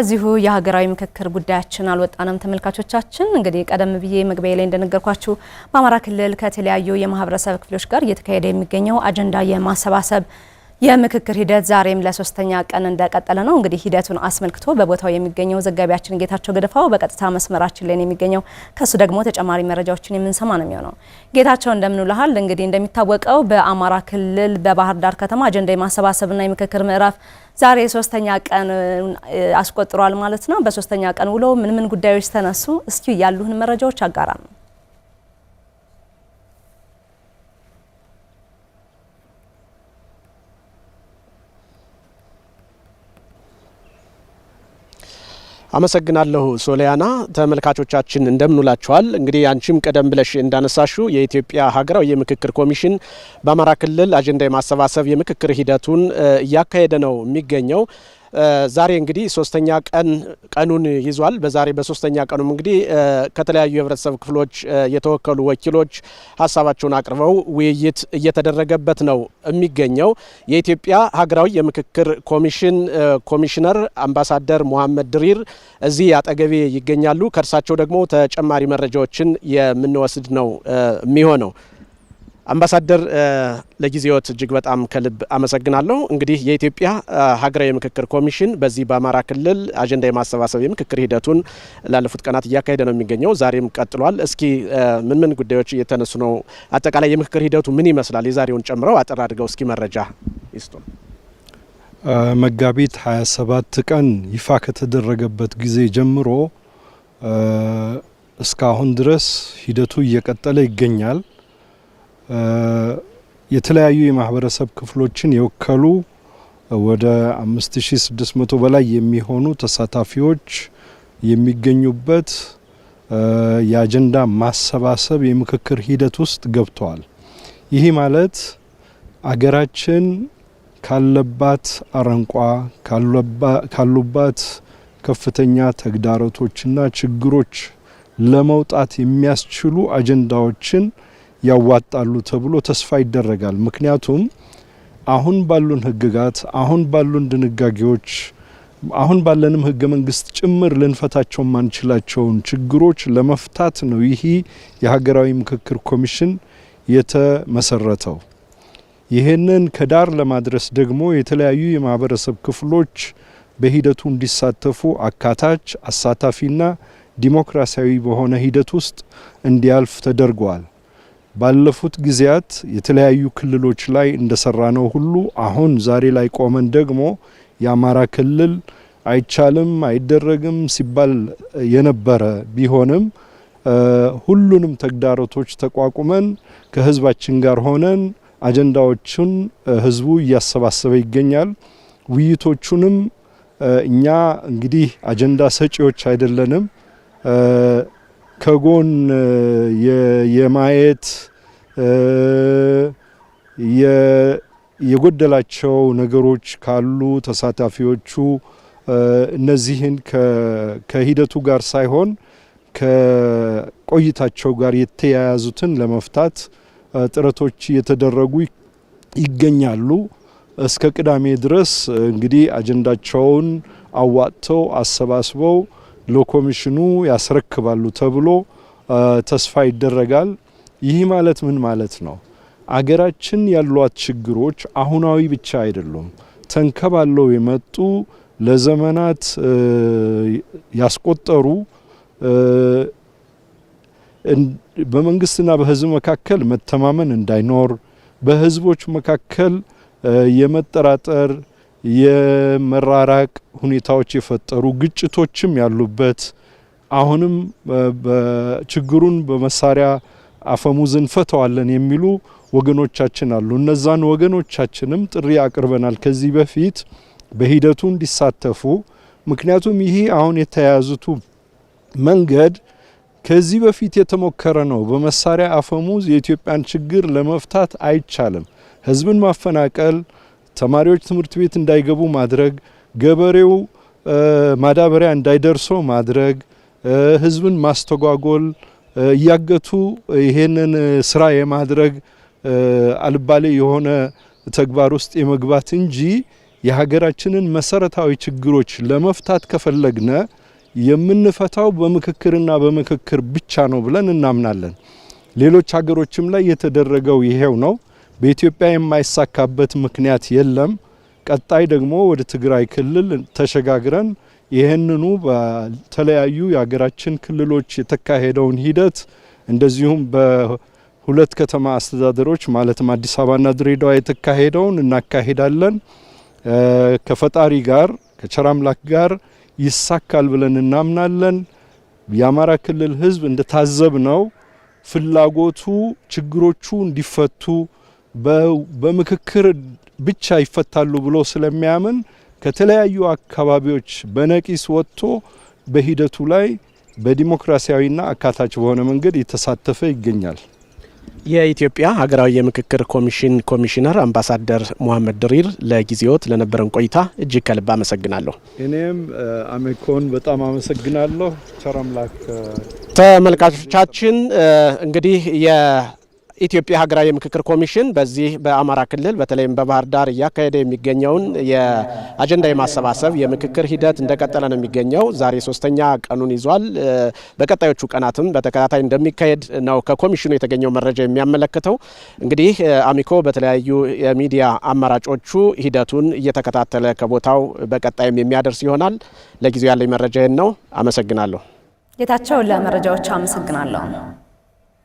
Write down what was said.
ከዚሁ የሀገራዊ ምክክር ጉዳያችን አልወጣንም ተመልካቾቻችን። እንግዲህ ቀደም ብዬ መግቢያ ላይ እንደነገርኳችሁ በአማራ ክልል ከተለያዩ የማህበረሰብ ክፍሎች ጋር እየተካሄደ የሚገኘው አጀንዳ የማሰባሰብ የምክክር ሂደት ዛሬም ለሶስተኛ ቀን እንደቀጠለ ነው። እንግዲህ ሂደቱን አስመልክቶ በቦታው የሚገኘው ዘጋቢያችን ጌታቸው ገድፋው በቀጥታ መስመራችን ላይ ነው የሚገኘው። ከሱ ደግሞ ተጨማሪ መረጃዎችን የምንሰማ ነው የሚሆነው። ጌታቸው እንደምንልሃል። እንግዲህ እንደሚታወቀው በአማራ ክልል በባህር ዳር ከተማ አጀንዳ የማሰባሰብና የምክክር ምዕራፍ ዛሬ ሶስተኛ ቀን አስቆጥሯል ማለት ነው። በሶስተኛ ቀን ውሎ ምን ምን ጉዳዮች ተነሱ? እስኪ ያሉህን መረጃዎች አጋራ ነው አመሰግናለሁ ሶሊያና። ተመልካቾቻችን እንደምንውላችኋል። እንግዲህ አንቺም ቀደም ብለሽ እንዳነሳሹ የኢትዮጵያ ሀገራዊ የምክክር ኮሚሽን በአማራ ክልል አጀንዳ የማሰባሰብ የምክክር ሂደቱን እያካሄደ ነው የሚገኘው። ዛሬ እንግዲህ ሶስተኛ ቀን ቀኑን ይዟል። በዛሬ በሶስተኛ ቀኑም እንግዲህ ከተለያዩ የህብረተሰብ ክፍሎች የተወከሉ ወኪሎች ሀሳባቸውን አቅርበው ውይይት እየተደረገበት ነው የሚገኘው። የኢትዮጵያ ሀገራዊ የምክክር ኮሚሽን ኮሚሽነር አምባሳደር ሙሐመድ ድሪር እዚህ አጠገቤ ይገኛሉ። ከእርሳቸው ደግሞ ተጨማሪ መረጃዎችን የምንወስድ ነው የሚሆነው። አምባሳደር ለጊዜዎት እጅግ በጣም ከልብ አመሰግናለሁ። እንግዲህ የኢትዮጵያ ሀገራዊ ምክክር ኮሚሽን በዚህ በአማራ ክልል አጀንዳ የማሰባሰብ የምክክር ሂደቱን ላለፉት ቀናት እያካሄደ ነው የሚገኘው፣ ዛሬም ቀጥሏል። እስኪ ምን ምን ጉዳዮች እየተነሱ ነው? አጠቃላይ የምክክር ሂደቱ ምን ይመስላል? የዛሬውን ጨምረው አጠር አድርገው እስኪ መረጃ ይስጡ። መጋቢት 27 ቀን ይፋ ከተደረገበት ጊዜ ጀምሮ እስካሁን ድረስ ሂደቱ እየቀጠለ ይገኛል። የተለያዩ የማህበረሰብ ክፍሎችን የወከሉ ወደ 5600 በላይ የሚሆኑ ተሳታፊዎች የሚገኙበት የአጀንዳ ማሰባሰብ የምክክር ሂደት ውስጥ ገብተዋል። ይህ ማለት አገራችን ካለባት አረንቋ ካሉባት ከፍተኛ ተግዳሮቶችና ችግሮች ለመውጣት የሚያስችሉ አጀንዳዎችን ያዋጣሉ ተብሎ ተስፋ ይደረጋል። ምክንያቱም አሁን ባሉን ህግጋት፣ አሁን ባሉን ድንጋጌዎች፣ አሁን ባለንም ህገ መንግስት ጭምር ልንፈታቸው ማንችላቸውን ችግሮች ለመፍታት ነው ይህ የሀገራዊ ምክክር ኮሚሽን የተመሰረተው። ይህንን ከዳር ለማድረስ ደግሞ የተለያዩ የማህበረሰብ ክፍሎች በሂደቱ እንዲሳተፉ አካታች አሳታፊና ዲሞክራሲያዊ በሆነ ሂደት ውስጥ እንዲያልፍ ተደርጓል። ባለፉት ጊዜያት የተለያዩ ክልሎች ላይ እንደሰራ ነው ሁሉ አሁን ዛሬ ላይ ቆመን ደግሞ የአማራ ክልል አይቻልም አይደረግም ሲባል የነበረ ቢሆንም ሁሉንም ተግዳሮቶች ተቋቁመን ከህዝባችን ጋር ሆነን አጀንዳዎቹን ህዝቡ እያሰባሰበ ይገኛል። ውይይቶቹንም እኛ እንግዲህ አጀንዳ ሰጪዎች አይደለንም። ከጎን የማየት የጎደላቸው ነገሮች ካሉ ተሳታፊዎቹ እነዚህን ከሂደቱ ጋር ሳይሆን ከቆይታቸው ጋር የተያያዙትን ለመፍታት ጥረቶች እየተደረጉ ይገኛሉ። እስከ ቅዳሜ ድረስ እንግዲህ አጀንዳቸውን አዋጥተው አሰባስበው ለኮሚሽኑ ያስረክባሉ ተብሎ ተስፋ ይደረጋል። ይህ ማለት ምን ማለት ነው? አገራችን ያሏት ችግሮች አሁናዊ ብቻ አይደሉም። ተንከባለው የመጡ ለዘመናት ያስቆጠሩ በመንግስትና በህዝብ መካከል መተማመን እንዳይኖር፣ በህዝቦች መካከል የመጠራጠር የመራራቅ ሁኔታዎች የፈጠሩ ግጭቶችም ያሉበት አሁንም ችግሩን በመሳሪያ አፈሙዝ እንፈተዋለን የሚሉ ወገኖቻችን አሉ። እነዛን ወገኖቻችንም ጥሪ አቅርበናል ከዚህ በፊት በሂደቱ እንዲሳተፉ። ምክንያቱም ይሄ አሁን የተያዙቱ መንገድ ከዚህ በፊት የተሞከረ ነው። በመሳሪያ አፈሙዝ የኢትዮጵያን ችግር ለመፍታት አይቻልም። ህዝብን ማፈናቀል ተማሪዎች ትምህርት ቤት እንዳይገቡ ማድረግ፣ ገበሬው ማዳበሪያ እንዳይደርሰው ማድረግ፣ ህዝብን ማስተጓጎል እያገቱ ይሄንን ስራ የማድረግ አልባሌ የሆነ ተግባር ውስጥ የመግባት እንጂ የሀገራችንን መሰረታዊ ችግሮች ለመፍታት ከፈለግነ የምንፈታው በምክክርና በምክክር ብቻ ነው ብለን እናምናለን። ሌሎች ሀገሮችም ላይ የተደረገው ይሄው ነው። በኢትዮጵያ የማይሳካበት ምክንያት የለም። ቀጣይ ደግሞ ወደ ትግራይ ክልል ተሸጋግረን ይህንኑ በተለያዩ የሀገራችን ክልሎች የተካሄደውን ሂደት እንደዚሁም በሁለት ከተማ አስተዳደሮች ማለትም አዲስ አበባና ድሬዳዋ የተካሄደውን እናካሄዳለን። ከፈጣሪ ጋር ከቸር አምላክ ጋር ይሳካል ብለን እናምናለን። የአማራ ክልል ሕዝብ እንደታዘብ ነው ፍላጎቱ ችግሮቹ እንዲፈቱ በምክክር ብቻ ይፈታሉ ብሎ ስለሚያምን ከተለያዩ አካባቢዎች በነቂስ ወጥቶ በሂደቱ ላይ በዲሞክራሲያዊና አካታች በሆነ መንገድ የተሳተፈ ይገኛል። የኢትዮጵያ ሀገራዊ የምክክር ኮሚሽን ኮሚሽነር አምባሳደር ሙሐመድ ድሪር ለጊዜዎት ለነበረን ቆይታ እጅግ ከልብ አመሰግናለሁ። እኔም አሜኮን በጣም አመሰግናለሁ። ቸር አምላክ ተመልካቾቻችን እንግዲህ የኢትዮጵያ ሀገራዊ የምክክር ኮሚሽን በዚህ በአማራ ክልል በተለይም በባህር ዳር እያካሄደ የሚገኘውን የአጀንዳ የማሰባሰብ የምክክር ሂደት እንደቀጠለ ነው የሚገኘው። ዛሬ ሶስተኛ ቀኑን ይዟል። በቀጣዮቹ ቀናትም በተከታታይ እንደሚካሄድ ነው ከኮሚሽኑ የተገኘው መረጃ የሚያመለክተው። እንግዲህ አሚኮ በተለያዩ የሚዲያ አማራጮቹ ሂደቱን እየተከታተለ ከቦታው በቀጣይም የሚያደርስ ይሆናል። ለጊዜው ያለኝ መረጃ ይህን ነው። አመሰግናለሁ። ጌታቸው፣ ለመረጃዎች አመሰግናለሁ።